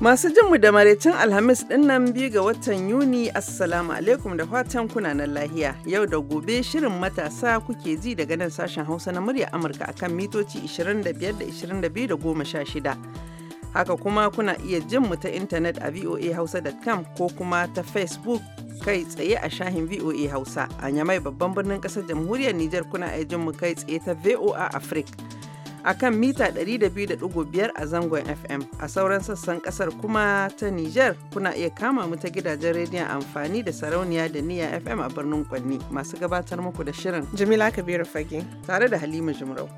Masu jinmu da maraicin Alhamis dinnan biyu ga watan Yuni, Assalamu alaikum da fatan kuna nan lahiya. Yau da gobe shirin matasa kuke ji daga nan sashen Hausa na murya Amurka akan mitoci 25 da 22 da 16. Haka kuma kuna iya jin ta intanet a voahausa.com ko kuma ta Facebook kai tsaye a shahin VOA Hausa. A Yamai babban birnin ƙasar jamhuriyar Nijar kuna iya jinmu kai tsaye ta VOA Africa. a kan mita 200.5 a zangon FM. A sauran sassan kasar kuma ta Nijar kuna iya kama mu ta gidajen rediyon amfani da sarauniya da niya FM a birnin Kwanni masu gabatar muku da shirin. Jamila Kabiru Fage. Tare da Halima Jumrau.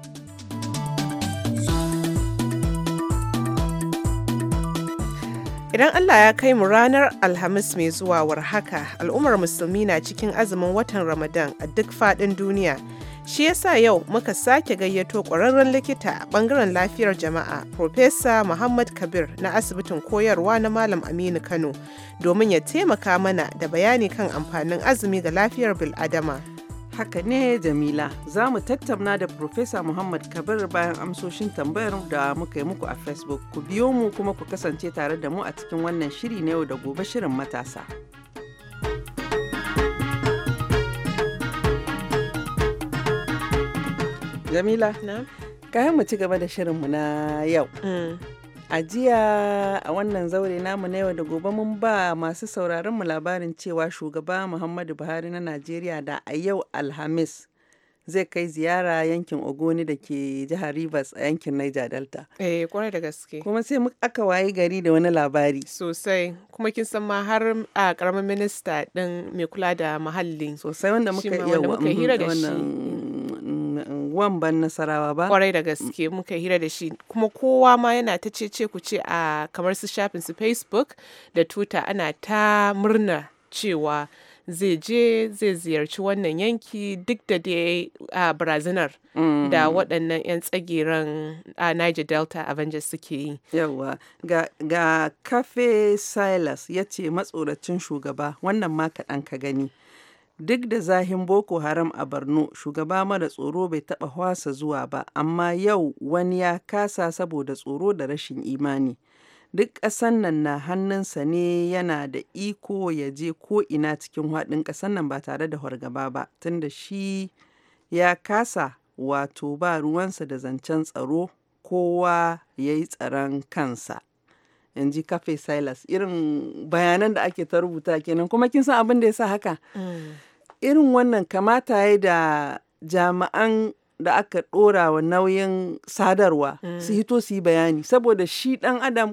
Idan Allah ya kai mu ranar Alhamis mai zuwa war haka, al'ummar musulmi na cikin azumin watan Ramadan a duk faɗin duniya. Shi yasa yau muka sake gayyato ƙwararren likita a ɓangaren lafiyar jama'a, Profesa Muhammad Kabir na asibitin koyarwa na Malam Aminu Kano, domin ya taimaka mana da bayani kan amfanin azumi ga lafiyar bil'adama. Haka ne Jamila, za mu tattauna da Profesa Muhammad Kabir bayan amsoshin tambayar da muka yi muku a Facebook. Ku biyo mu kuma ku kasance tare da mu a cikin wannan shiri na yau da gobe shirin matasa. Jamila. ka Kayan mu ci gaba da shirinmu na yau. Mm. A jiya a wannan zaure namu na yau da gobe mun ba masu sauraron mu labarin cewa shugaba Muhammadu Buhari na Najeriya da a yau Alhamis zai kai ziyara yankin Ogoni da ke jihar Rivers a yankin Niger Delta. Eh, kwarai da gaske. Kuma sai aka wayi gari da wani labari. Sosai, kuma kin san ma har a karamin minista din mai kula da muhalli. Sosai wanda muka yi mhm, wannan mm. wan ban nasarawa ba kwarai da gaske muka hira da shi kuma kowa ma yana ta ce ce ku ce a kamar su shafin su facebook da twitter ana ta murna cewa zai je zai ziyarci wannan yanki duk da dai a barazanar mm. da waɗannan 'yan tsagiran a niger delta avengers suke yi yawwa ga, ga kafe silas ya ce matsoracin shugaba wannan ma kaɗan ka gani Duk da zahin Boko Haram a Borno, shugaba mara tsoro bai taɓa hwasa zuwa ba, amma yau wani ya kasa saboda tsoro da rashin imani. Duk ƙasan nan na hannunsa ne yana da iko ya je ko ina cikin haɗin ƙasan nan ba tare da hargaba ba, tunda shi ya kasa wato ba ruwansa da zancen tsaro kowa ya yi tsaron kansa. in ji kafe silas irin bayanan da ake ta rubuta kenan kuma kin san abin da ya sa haka mm. irin wannan kamata ya da jami'an da aka ɗora wa nauyin sadarwa su mm. hito su yi bayani saboda shi ɗan adam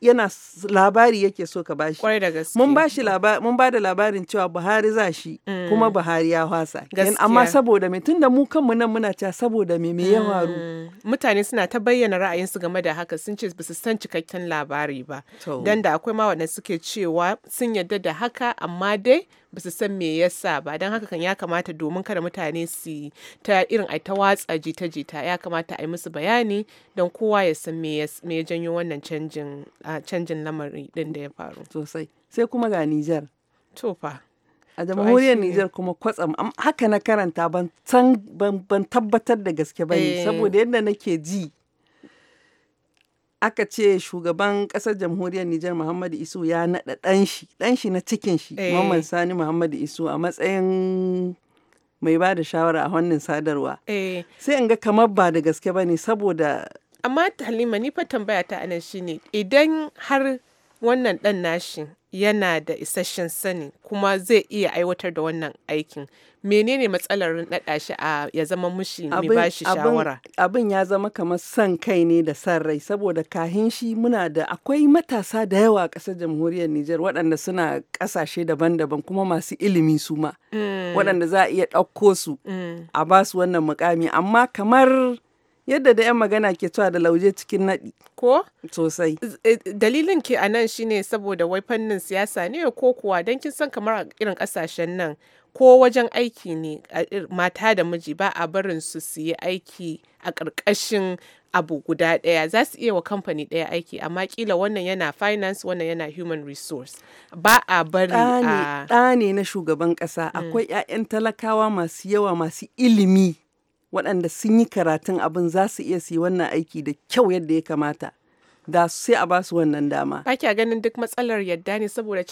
yana labari yake so ka bashi. Kwarai da gaske. Mun bashi labari mun bada labarin cewa Buhari za shi mm. kuma Buhari ya hwasa. Gaskiya. Amma saboda me tunda mu kanmu nan muna cewa saboda me me ya waru. Mm. Mutane suna ta bayyana ra'ayinsu game da haka sun ce basu san cikakken labari ba. Dan da akwai ma wanda suke cewa sun yarda da haka amma dai ba su san me yasa ba don haka kan ya kamata domin kada mutane su ta irin ai ta watsa jita jita ya kamata a yi musu bayani don kowa ya san me ya janyo wannan canjin canjin lamari din da ya faru sosai sai kuma ga Niger to fa a jamhuriyar Nijar kuma kwatsam haka na karanta ban tabbatar da gaske ba ne eh. saboda yadda nake ji aka ce shugaban kasar jamhuriyar Nijar Muhammadu Isu ya naɗa ɗanshi, ɗanshi na cikin shi, hey. Muhammad eh. Sani Muhammadu Isu a matsayin mai bada shawara a wannan sadarwa. Hey. Eh. Sai in ga kamar ba da gaske ba ne saboda. Amma Halima ni fa tambaya ta anan shine idan har wannan ɗan nashi yana da isasshen sani kuma zai iya aiwatar da wannan aikin menene matsalar naɗa shi a ya zama mushi mai ba shi shawara abin ya zama kamar son kai ne da san rai saboda kahin shi muna da akwai matasa da yawa a ƙasar jamhuriyar Nijar waɗanda suna ƙasashe daban-daban kuma masu ilimi su ma mm. waɗanda za a iya ɗauko su mm. a ba su wannan mukami amma kamar yadda da 'yan magana ke cewa da lauje cikin naɗi. Ko? Sosai. Eh, dalilin ke a nan shine saboda wai fannin siyasa ne ko kuwa don kin san kamar irin kasashen nan ko wajen aiki ne mata da miji ba a barin su su yi aiki a ƙarƙashin abu guda ɗaya za su iya wa kamfani ɗaya aiki amma kila wannan yana finance wannan yana human resource ba a bari a ɗane na shugaban ƙasa mm. akwai 'ya'yan talakawa masu yawa masu ilimi waɗanda sun yi karatun abin za su iya su yi wannan aiki da kyau yadda ya kamata da sai a basu wannan dama. Ba kya ganin duk matsalar yadda ne saboda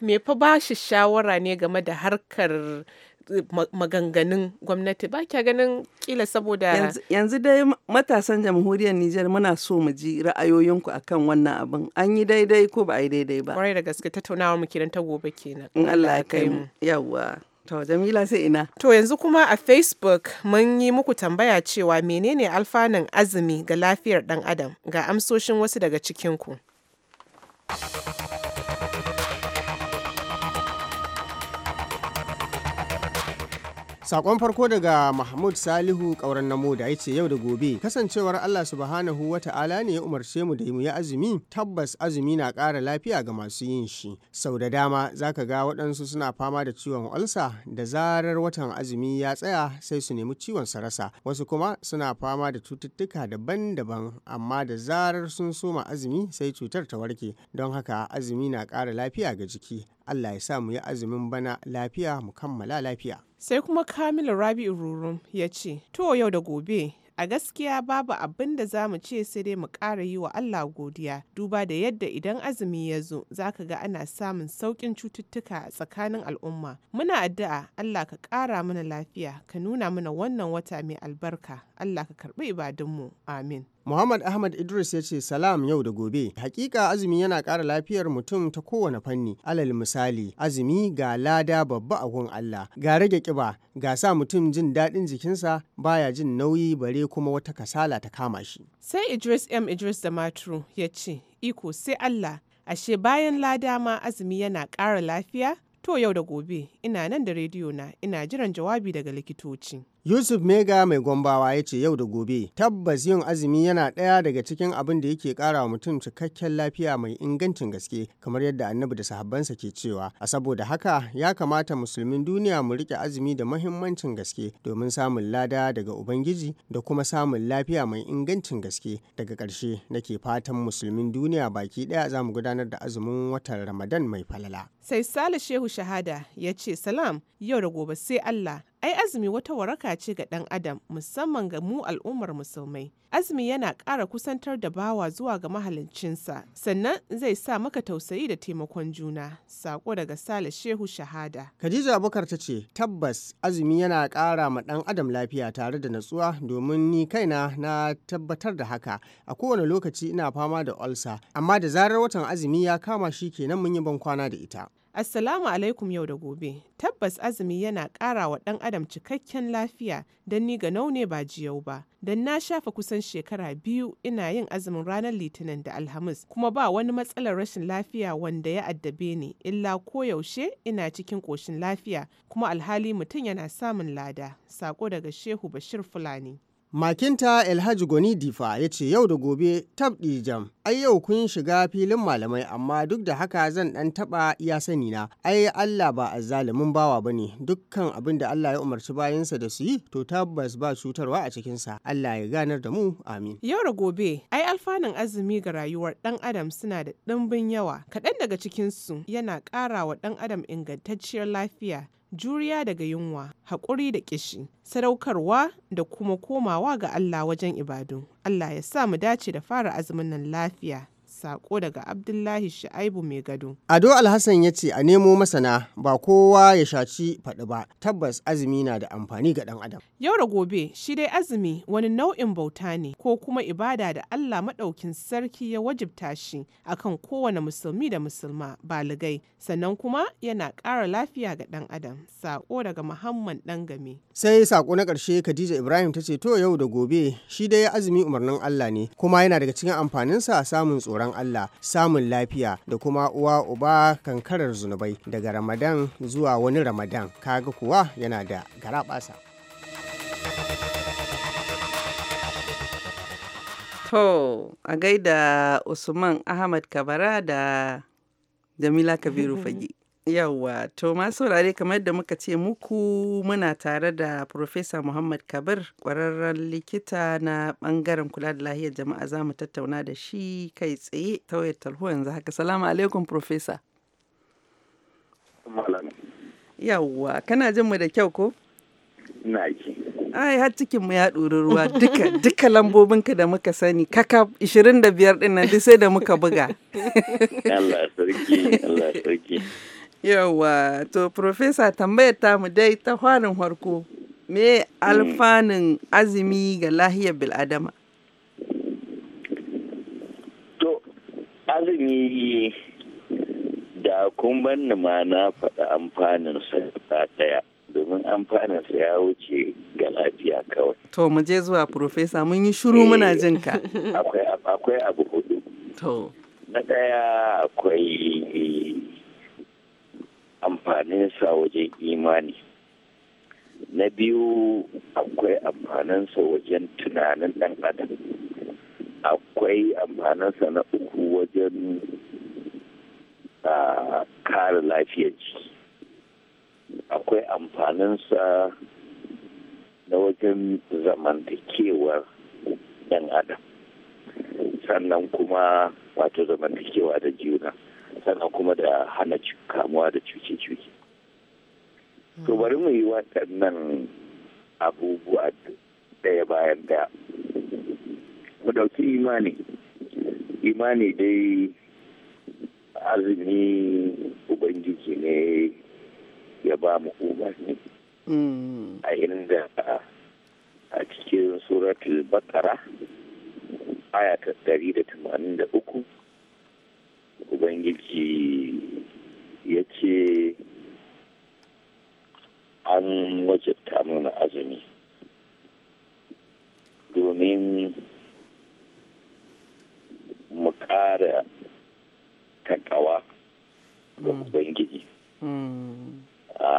me fa ba shi shawara ne game da harkar eh, maganganun gwamnati ba kya ganin kila saboda yanzu dai matasan jamhuriyar Nijar muna so mu ji ra'ayoyinku akan wannan abin an yi daidai ko ba a yi daidai ba. Kwarai da gaske tattaunawa mu kenan ta gobe kenan. In Allah ya kai mu. Yawwa. To Jamila sai ina. To yanzu kuma a Facebook mun yi muku tambaya cewa menene alfanun azumi ga lafiyar ɗan adam ga amsoshin wasu daga cikinku. ku. Sakon farko daga Mahmud Salihu kauran namo da ya ce yau da gobe kasancewar Allah subhanahu wa ta'ala ne ya umarce mu da mu yi azumi tabbas azumi na ƙara lafiya ga masu yin shi. Sau da dama za ka ga waɗansu suna fama da ciwon olsa da zarar watan azumi ya tsaya sai su nemi ciwon sarasa wasu kuma suna fama da cututtuka daban-daban amma da zarar sun soma azumi sai cutar ta warke don haka azumi na ƙara lafiya ga jiki Allah ya sa mu yi azumin bana lafiya mu kammala lafiya. Sai kuma Kamilu Rabi'u Rurum ya ce, To yau da gobe, a gaskiya babu abin da za mu ce sai dai mu ƙara yi wa Allah godiya duba da yadda idan azumi ya zo za ka ga ana samun sauƙin cututtuka a tsakanin al'umma muna addu'a Allah ka ƙara mana lafiya ka nuna mana wannan wata mai albarka Allah ka karɓi ibadunmu amin. Muhammad Ahmad Idris ya ce salam yau da gobe. Hakika azumi yana ƙara lafiyar mutum ta kowane fanni. Alal misali, azumi ga lada babba a gun Allah, ga rage ƙiba, ga sa mutum jin daɗin jikinsa baya jin nauyi bare kuma wata kasala ta kama shi. Sai Idris M Idris da Matru ya ce, iko sai Allah, ashe bayan lada ma azumi yana ƙara lafiya? To yau da gobe, ina nan da rediyo na, ina jiran jawabi daga likitoci. Yusuf Mega mai gombawa ya ce yau da gobe tabbas yin azumi yana ɗaya daga cikin abin da yake ƙara wa mutum cikakken lafiya mai ingancin gaske kamar yadda annabi da sahabbansa ke cewa a saboda haka ya kamata musulmin duniya mu rike azumi da mahimmancin gaske domin samun lada daga ubangiji da kuma samun lafiya mai ingancin gaske daga ƙarshe nake fatan musulmin duniya baki ɗaya za mu gudanar da azumin watan ramadan mai falala sai sale shehu shahada ya ce salam yau da gobe sai allah Ai azumi wata waraka ce ga ɗan adam musamman ga mu al'ummar musulmai. Azumi yana ƙara kusantar da bawa zuwa ga mahalincinsa sannan zai sa maka tausayi da taimakon juna. Sako daga Sale Shehu Shahada. Khadija Abubakar ta ce tabbas azumi yana ƙara ma ɗan adam lafiya tare da natsuwa domin ni kaina na tabbatar da haka. A kowane lokaci ina fama da olsa amma da zarar watan azumi ya kama shi kenan mun yi ban kwana da ita. Assalamu alaikum yau da gobe. Tabbas azumi yana ƙara wa ɗan adam cikakken lafiya don ni ga naune ba jiyau ba. Don na shafa kusan shekara biyu ina yin azumin ranar Litinin da Alhamis kuma ba wani matsalar rashin lafiya wanda ya addabe ni illa koyaushe ina cikin ƙoshin lafiya kuma alhali mutum yana samun lada. Sako daga Shehu Bashir Fulani. Makinta Elhaji Goni Difa ya ce yau da gobe tabɗi jam. ai yau kun shiga filin malamai amma duk da haka zan dan taba iya sani na ai Allah ba azzalumin bawa ba ne dukkan abin da Allah ya umarci bayansa da su yi to tabbas ba cutarwa a cikin sa Allah ya ganar da mu amin yau da gobe ai alfanun azumi ga rayuwar dan adam suna da dimbin yawa kaɗan daga cikin su yana ƙara wa dan adam ingantacciyar lafiya juriya daga yunwa haƙuri da ƙishi sadaukarwa da kuma komawa ga Allah wajen ibadu Allah ya sa mu dace da fara azumin nan lafiya. Sako daga Abdullahi Sha'aibu mai gado. Ado Alhassan ya ce a nemo masana ba kowa ya shaci faɗi ba tabbas azumi na da amfani ga ɗan adam. Yau da gobe shi dai azumi wani nau'in bauta ne ko kuma ibada da Allah maɗaukin sarki ya wajibta shi akan kowane musulmi da musulma baligai sannan kuma yana ƙara lafiya ga ɗan adam. Sako daga Muhammad Dangame. Sai sako na ƙarshe Khadija Ibrahim ta ce to yau da gobe shi dai azumi umarnin Allah ne kuma yana daga cikin amfaninsa samun tsoron tsoron Allah samun lafiya da kuma uwa uba kankarar zunubai daga Ramadan zuwa wani Ramadan kaga kuwa yana da garaɓasa. To a gaida Usman Ahmad Kabara da Jamila Kabiru Fagi. Yawwa, to ma saurare kamar da muka ce muku muna tare da Profesa Muhammad Kabir, ƙwararren likita na ɓangaren kula da lahiyar jama'a za mu tattauna da shi kai tsaye ta wayar yanzu haka. Salamu alaikum Profesa. Yawwa, kana jin mu da kyau ko? Ina ji. Ai, har cikin mu ya ɗori ruwa duka duka lambobinka da muka sani kaka 25 ɗin nan duk sai da muka buga. Allah sarki, Allah sarki. Yawa, to Profesa tambayar tamu dai ta farin harko, me alfanun azumi ga lahiyar bil'adama? To, azumi da kun banni ma na faɗa amfanin ta ɗaya, domin amfanin sa ya wuce ga lafiya kawai. To, mu je zuwa Profesa, mun yi shiru muna eh, jinka. Akwai abu hudu. To. Na ɗaya akwai amfaninsa wajen imani na biyu akwai amfaninsa wajen tunanin ɗan adam akwai amfaninsa na uku wajen ah, kare lafiyar ji akwai amfaninsa na wajen zamantakewar yan adam sannan kuma wato zamantakewa da juna sannan kuma da hana kamuwa da cuce-cuce. To hmm. bari mu yi waɗannan abubuwa ɗaya bayan ɗaya. Mu ɗauki imani. Imani dai azumi Ubangiji ne ya ba mu umarni. Hmm. A inda a cikin suratul bakara aya ta 183 ubangiji ya ce an wajabta mana azumi domin mu ƙara kakawa ga hmm. ubangiji hmm.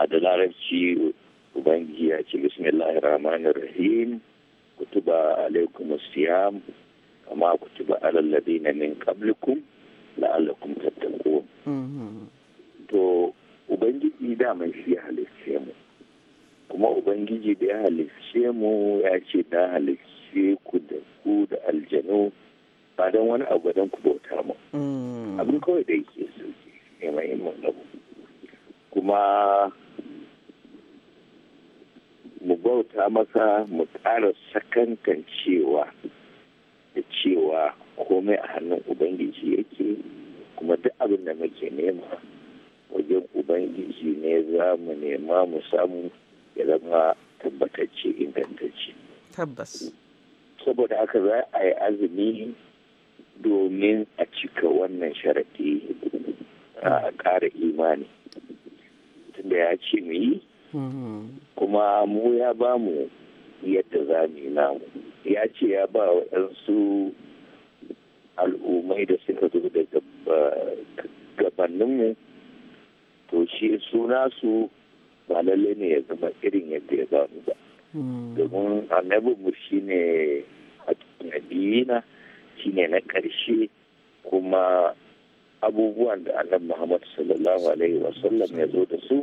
da larabci ubangiji ya ce bismillah rahman rahim kutuba alaikum siyam kama kutuba alalladina min qablikum la'allakum ko to ubangiji dama shi ya halicce mu kuma ubangiji da ya halicce mu ya ce na halicce ku da ku da aljanu ba don wani abu don ku bauta mu mm. abin kawai da yake so ne mahimmin kuma mu bauta masa mu ƙara sakankan cewa da cewa komai a hannun ubangiji yake kuma duk abin da muke nema wajen ubangiji ne za mu nema mu samu ya zama tabbatacce ingantacce tabbas saboda haka za a yi azumi domin a cika wannan sharaɗi a ƙara imani tunda ya ce mu yi mm-hmm. kuma mu ya ba mu yadda za mu yi namu ya ce ya ba wa 'yansu al'ummai da suka zo daga eh, gabaninmu to shi suna su ba lalle ne ya zama irin yadda ya zamu ba hmm. domin annabinmu shi ne a nabiyina shi ne na ƙarshe kuma abubuwan da annabi Muhammadu sallallahu alaihi wasallam ya zo da su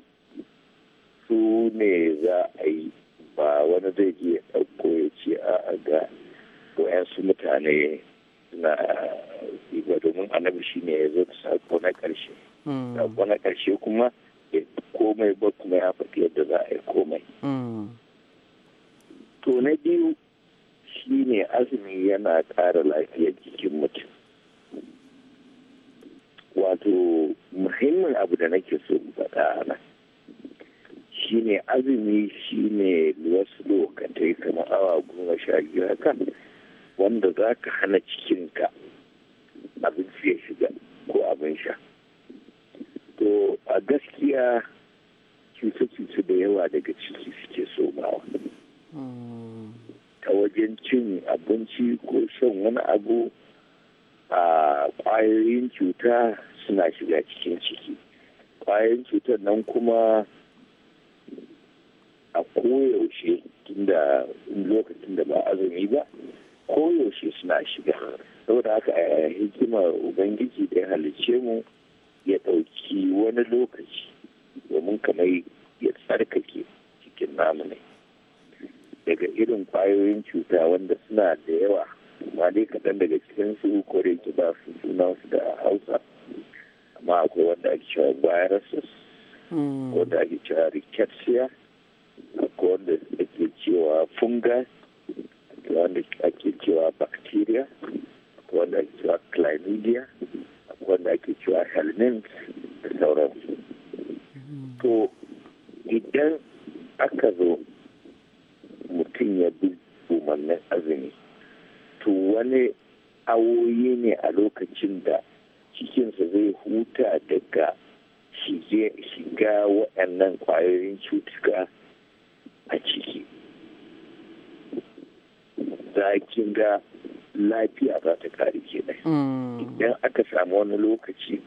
su ne za a yi ba wani zai je ɗauko ya ce a ga wayansu mutane suna ba domin annabi shi ne ya zo da sako na ƙarshe mm. sako na ƙarshe kuma ya komai ba kuma ya faɗi yadda za a yi komai mm. to na biyu shi ne azumi yana ƙara lafiyar jikin mutum wato muhimmin abu da nake so faɗa ana shi ne azumi shi ne wasu lokatai kamar awa goma sha biyu wanda za ka hana cikin abinci ya shiga ko abin sha to a gaskiya cuce-cuce da yawa daga ciki suke somawa ta wajen cin abinci ko shan wani abu a kwayoyin cuta suna shiga cikin ciki kwayoyin cutar nan kuma a koyaushe tunda lokacin da ba azumi ba koyaushe suna shiga saboda haka a eh, hikimar ubangiji da ya halice mu ya ɗauki wani lokaci domin kamar ya tsarkake cikin namu daga irin kwayoyin cuta wanda suna da yawa amma dai kaɗan daga cikin su kore ki ba su suna su da hausa amma akwai wanda ake cewa viruses hmm. wanda ake cewa rickettsia akwai wanda ake cewa fungus wanda ake cewa bacteria akwai wanda ake cewa chlamydia akwai wanda ake cewa helminth da sauransu to idan aka zo mutum ya bi umarnin azumi to wani awoyi ne a lokacin da cikinsa zai huta daga shiga waɗannan kwayoyin cutuka a ciki za ga lafiya za ta kare kenan mm. idan aka samu wani lokaci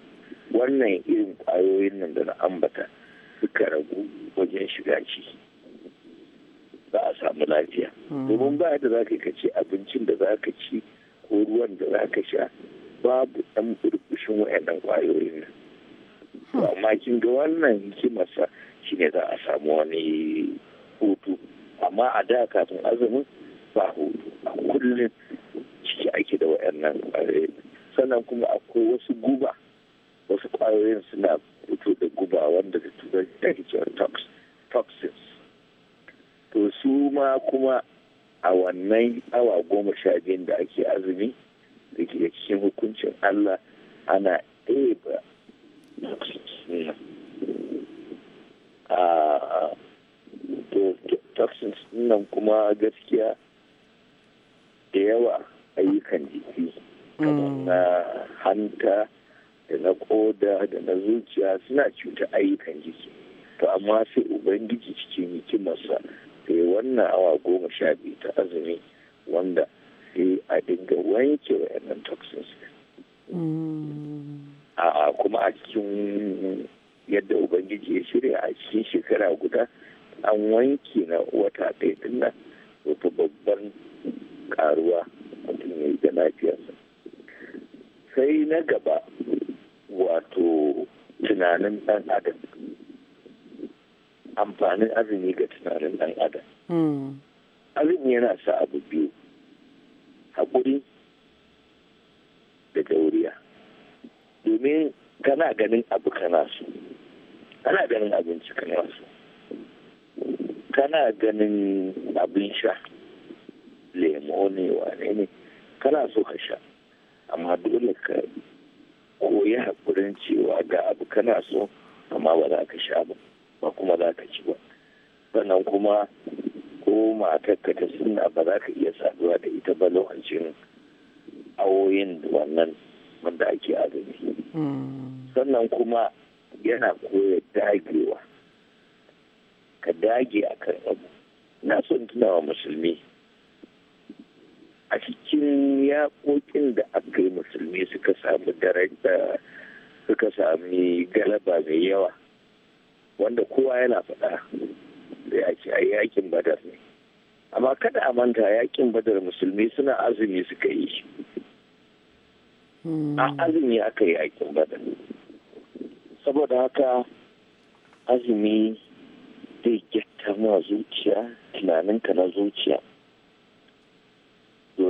wannan irin kwayoyin nan da na ambata suka ragu wajen shiga ciki za a samu lafiya mm. domin ba da za ka ci abincin da za ka ci ko ruwan da za ka sha babu ɗan burbushin wayannan kwayoyin nan hmm. amma kin ga wannan hikimarsa shine za a samu wani hutu amma a da kafin azumin ba hutu a kullum ake da waɗannan ƙwayoyin sannan kuma akwai wasu guba wasu ƙwayoyin suna fito da guba wanda da ake cewa toxins to su ma kuma a wannan awa goma sha biyun da ake azumi da ke cikin hukuncin Allah ana ɗeba toxins ah, nan kuma gaskiya da yawa ayyukan jiki kamar mm. na hanta da na koda da na zuciya suna cuta ayyukan jiki to amma sai ubangiji cikin hikimarsa sai wannan awa goma sha biyu ta azumi wanda sai a dinga wanke wa'annan toxins mm. a kuma a cikin yadda ubangiji ya shirya a cikin shekara guda an wanke na wata ɗaya ɗin nan babban karuwa mutum ya yi da lafiyarsa sai na gaba wato tunanin ɗan adam amfanin azumi ga tunanin ɗan adam hmm. azumi yana sa abu biyu haƙuri da dauriya domin kana ganin abu kana so kana ganin abinci kana so kana ganin abin sha lemo ne wane ne kana so ka sha amma dole ka koyi hakurin cewa ga abu kana so amma ba za ka sha ba ba kuma za ka ci ba sannan kuma ko matarka ta suna ba za ka iya saduwa da ita ba lokacin awoyin wannan wanda ake azumi sannan kuma yana koya dagewa ka dage akan abu na son tunawa musulmi a cikin yaƙoƙin da aka yi musulmi suka samu daraja suka sami galaba mai yawa wanda kowa yana faɗa da yaki a yakin badar ne amma kada a manta yakin badar musulmi suna azumi suka yi hmm. a azumi aka yi yakin badar saboda haka azumi zai gyatta ma zuciya tunaninka na zuciya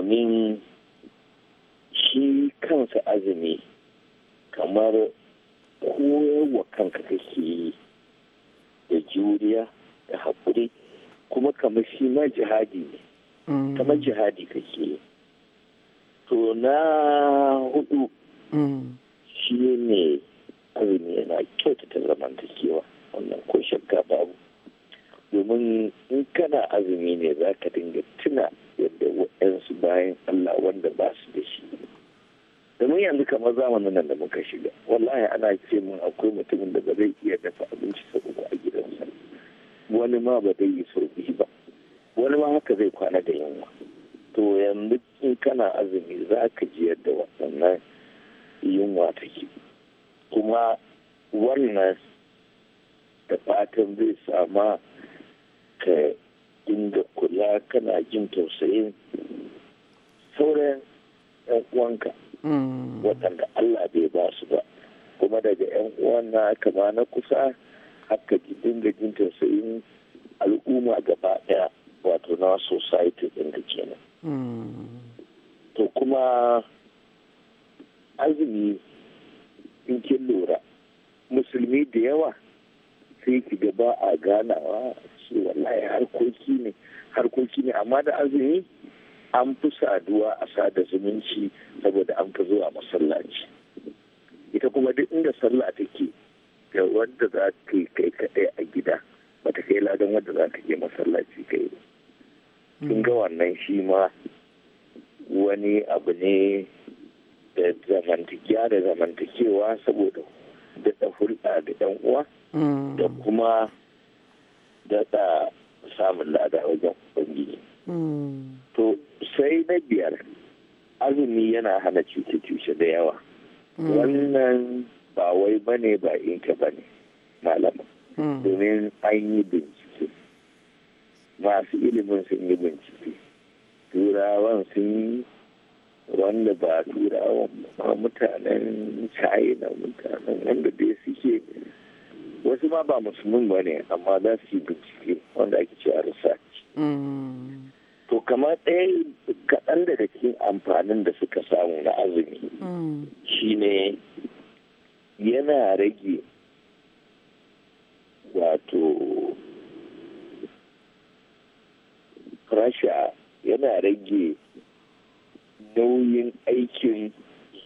domin shi kansa azumi kamar kowa kanka kake yi da juriya da haƙuri kuma kamar shi ma jihadi ne mm. kamar jihadi kake yi to na hudu mm. shi ne azumi yana kyautata zamantakewa wannan ko shakka babu domin in kana azumi ne za ka dinga tuna yadda waɗansu bayan Allah wanda ba su da shi domin yanzu kamar zamanin nan da muka shiga wallahi ana ce min akwai mutumin da ba zai iya dafa abinci sau uku a gidansa wani ma ba zai yi sau biyu ba wani ma haka zai kwana da yunwa to yanzu in kana azumi za ka ji yadda wannan yunwa take kuma wannan da fatan zai sama ka dinga kula kana jin tausayin sauran yan uwanka mm. waɗanda Allah bai ba su ba kuma daga yan uwan na kama na kusa haka dinga jin tausayin al'umma gaba ɗaya wato na society ɗin da kenan mm. to kuma azumi in kin lura musulmi da yawa sai ki gaba a ganawa ce wallahi harkoki ne harkoki ne amma da azumi an fi saduwa a sada zumunci saboda an fi zuwa masallaci ita kuma duk inda sallah take ga wanda za ka yi kai kaɗai a gida ba ta kai ladan wanda za ka je masallaci kai ba kin ga wannan shi ma wani abu ne da zamantakewa da zamantakewa saboda da hulɗa da yan uwa mm. da kuma daɗa samun lada wajen ubangiji hmm. to sai na biyar azumi yana hana cuce-cuce da yawa hmm. wannan ba wai bane ba in ba bane malama hmm. domin an yi bincike masu ilimin sun yi bincike turawan sun yi wanda ba turawan ba mutanen china mutanen wanda dai suke wasu ma ba musulmin ba ne amma za su yi bincike wanda ake ce a research mm. to kamar ɗaya kaɗan daga cikin amfanin da suka samu na azumi mm. shine yana rage wato rasha yana rage nauyin aikin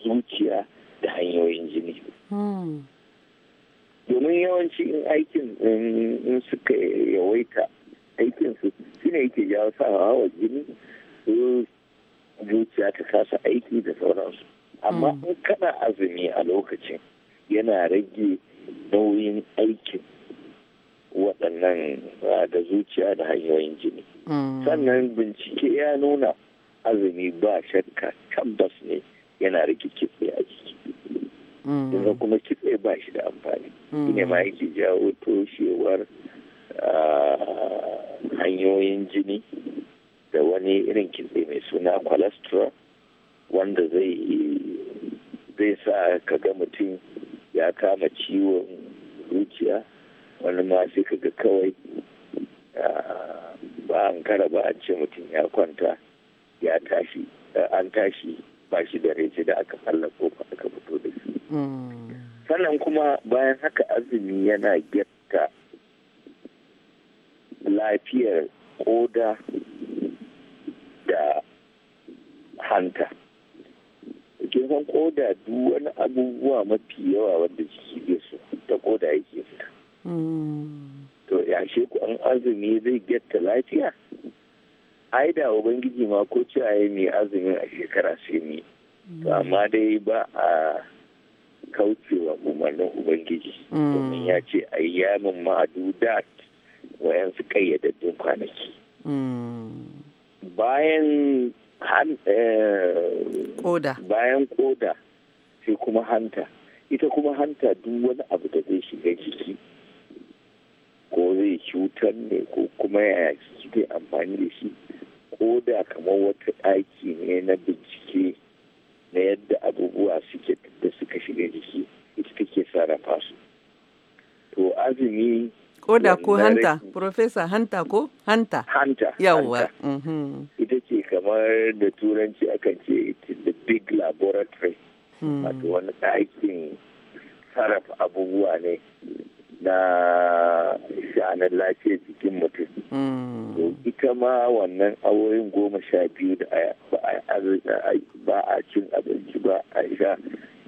zuciya da hanyoyin jini mm. yawanci in aikin in suka yawaita aikin su shine yake jawo sa hawa jini zuciya ta kasa aiki da sauransu amma mm. in kana azumi a lokacin yana rage nauyin aikin waɗannan da zuciya da hanyoyin jini mm. sannan bincike ya nuna azumi ba shakka tabbas ne yana rage kitse a jiki Mm. yanzu kuma kitse ba shi da amfani mm. ne ma yake jawo toshewar hanyoyin jini da wani irin kitse mai suna cholesterol wanda zai zai sa ka ga mutum ya kama ciwon zuciya wani ma sai ka ga kawai ba an kara ba a ce mutum ya kwanta ya tashi an tashi ba shi da rece da aka tsallako ko aka fito da shi. Mm. Sannan kuma bayan haka azumi yana gyarta lafiyar koda da hanta. Kin san koda duk wani abubuwa mafi yawa wanda jiki ke so ta koda yake fita. Mm. To yashe ku an azumi zai gyarta lafiya? aida da ubangiji ma ko ce a mai azumin a shekara sai ni to amma dai ba a kaucewa umarnin ubangiji mm. domin ya ce a yi yamin wayan su kayyadaddun kwanaki mm. bayan koda eh, bayan koda sai kuma hanta ita kuma hanta duk wani abu da zai shiga jiki cutar ne ko kuma yaya suke amfani da shi ko da kamar wata ɗaki ne na bincike na yadda abubuwa suke da suka shiga jiki ita take sarrafa su to azumi ko da ko hanta profesa hanta ko hanta hanta yawa mhm. ita ce kamar da turanci akan ce ita the big laboratory hmm. wato wani ɗakin sarrafa abubuwa ne na sha'anin lafiyar jikin mutum. To hmm. ita ma wannan awoyin goma sha biyu da ba a cin abinci ba a sha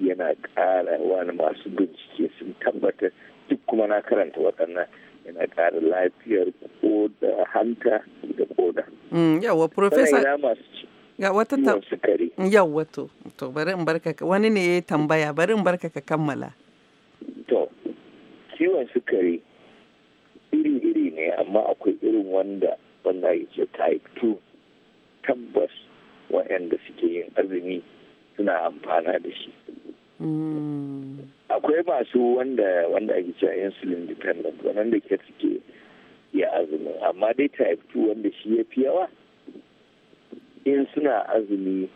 yana ƙara wani masu bincike sun tabbatar duk kuma na karanta waɗannan yana ƙara lafiyar koda hanta da koda. Hmm, Yawa, Profesa. wata ta... Yawa, to, bari in barka, wani ne ya tambaya, bari in barka ka kammala. ciwon sukari iri-iri ne amma akwai irin wanda wanda ya ce type 2 tabbas wa'anda suke yin azumi suna amfana da shi hmm. akwai masu wanda wanda ake cewa insulin dependent wannan da ke suke ya azumi amma dai type 2 wanda shi ya fi yawa in suna azumi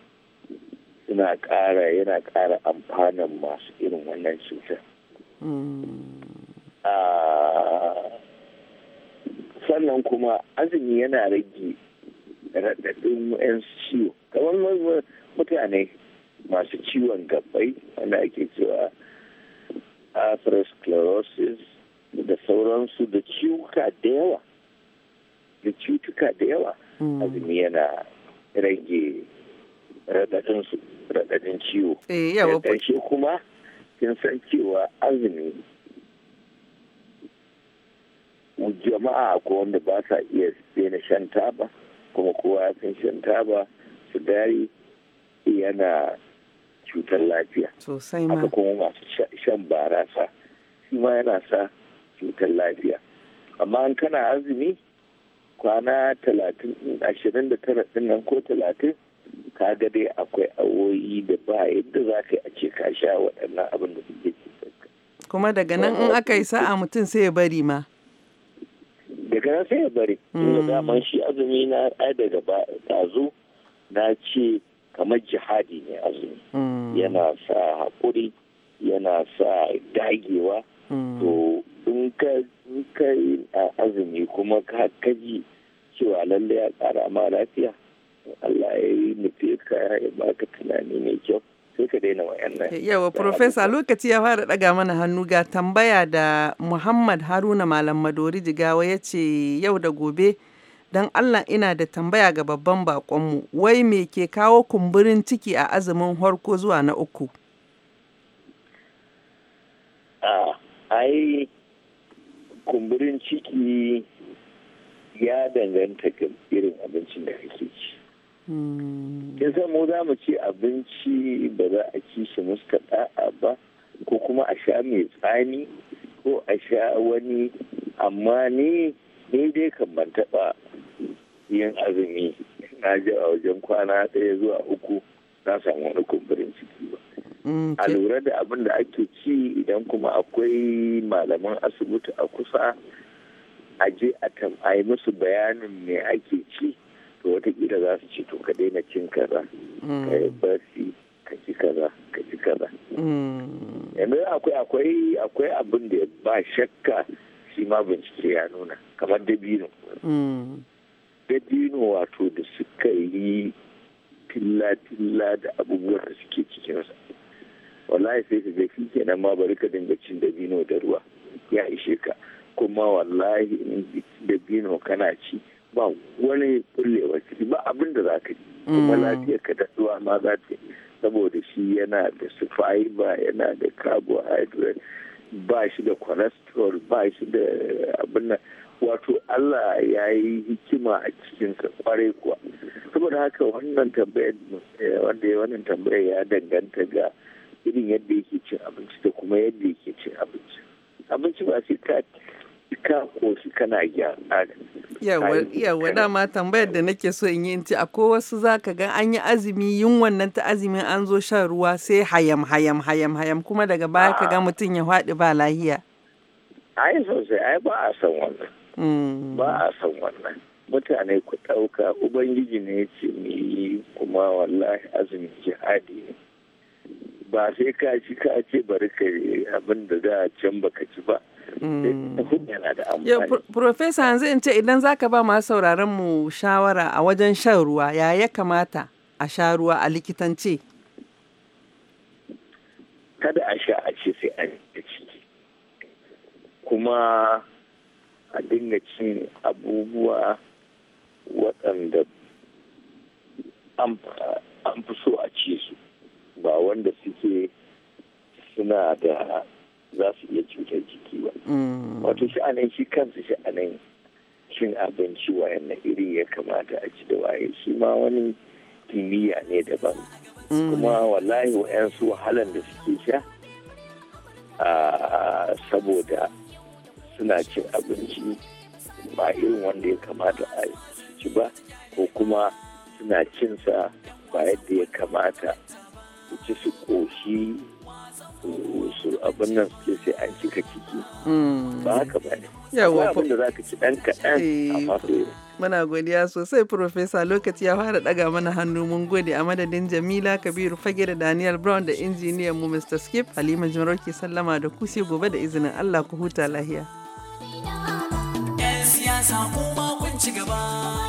suna ƙara yana ƙara amfanan masu irin wannan cutar hmm. sannan kuma azumi yana rage raɗaɗin yan ciwo kamar mutane masu ciwon gabai wanda ake cewa atherosclerosis da sauransu da ciwuka da yawa da cutuka da yawa hmm. azumi yana rage raɗaɗin ciwo. Eh, yawa. kuma kin san cewa azumi jama'a akwai wanda ba sa iya daina shan taba kuma kowa ya san shan taba sigari yana cutar lafiya sosai ma kuma masu shan barasa shi ma yana sa cutar lafiya amma an kana azumi kwana talatin ashirin da tara nan ko talatin ka ga dai akwai awoyi da ba yadda za ka yi a ce ka sha waɗannan abin da suke kuma daga nan in aka yi sa'a mutum sai ya bari ma daga nan sai ya bari da mm. daman shi azumi na ai daga tazo na ce kamar jihadi ne azumi mm. yana sa haƙuri yana sa dagewa mm. to in ka yi azumi kuma ka kaji cewa lallai ya ƙara ma lafiya Allah ya yi nufi ka ya baka tunani mai kyau sai ka daina wa'annan. Yawa Profesa lokaci ya fara daga mana hannu ga tambaya da Muhammad Haruna Malam Madori Jigawa ya ce yau da gobe don Allah ina da tambaya ga babban bakonmu wai me ke kawo kumburin ciki a azumin harko zuwa na uku. ai kumburin ciki ya danganta ga irin abincin da kake ci. ya zama za mu ci abinci ba za a ci shi muska da'a ba ko kuma a sha mai tsani ko a sha wani amma ni ne dai kan ban taɓa yin azumi na ji a wajen kwana ɗaya zuwa uku na samu wani kumburin ciki ba mm, a lura da abin da ake ci idan kuma akwai malaman asibiti a kusa a je a yi musu bayanin me ake ci to watakila za su ce to ka daina cin kaza mm. ka yi barci ka ci kaza ka ci kaza mm. yanzu akwai akwai akwai abin da ba shakka shi ma bincike ya nuna kamar dabino mm. dabino wato da suka yi tilla-tilla da abubuwan da suke cikin sa wallahi sai ka ga fike kenan ma bari ka dinga cin dabino da ruwa ya ishe ka kuma wallahi dabino kana ci ba wani kullewa ciki ba abin da za ka yi kuma mm. lafiyar ka zuwa ma za ta saboda shi yana da su fiber yana da carbohydrate ba shi da cholesterol ba shi da abin nan wato Allah ya yi hikima a cikin ka kwarai kuwa saboda haka wannan tambayar eh, wanda ya wannan tambayar ya danganta ga irin yadda yake cin abinci da kuma yadda yake cin abinci abinci ba sai ka ka shi kana gyara yawa dama tambayar da nake so in yi inci a akwai wasu ka ga an yi azumi yin wannan ta azumin an zo shan ruwa sai hayam hayam hayam hayam kuma daga baya ka ga mutum ya faɗi ba lahiya ai sosai ai ba a san wannan mm. ba a san wannan mutane ku ɗauka ubangiji ne ya ce mu yi kuma wallahi azumin jihadi ne ba sai ka ci ka ce bari ka abin da za a can baka ci ba Mm. Eh, Profesa yanzu in ce idan zaka ba masu sauraron mu shawara a wajen shan ruwa ya ya kamata a sha ruwa a likitance? Kada a sha a ce sai an ci. Kuma a dinga cin abubuwa waɗanda an fi so a ce su ba wanda suke suna da za su iya cutar jiki ba mm. wato shi sha'anin shi shi sha'anin cin abinci wayannan iri ya kamata a ci da waye shi ma wani kimiyya ne daban mm. kuma wallahi wayansu wahalan da suke sha saboda suna cin abinci ba irin wanda ya kamata a ci ba ko kuma suna cinsa ba yadda ya kamata su ci su ƙoshi su abin nan suke sai cika ciki hmm. ba haka ba ne yawa abin da za ci ɗan kaɗan eh, a Muna godiya sosai Profesa lokaci ya fara daga mana hannu mun gode a madadin Jamila Kabiru Fage da Daniel Brown da injiniyan mu Mr. Skip Halima Jimarau ke sallama da ku gobe da izinin Allah ku huta lahiya. 'Yan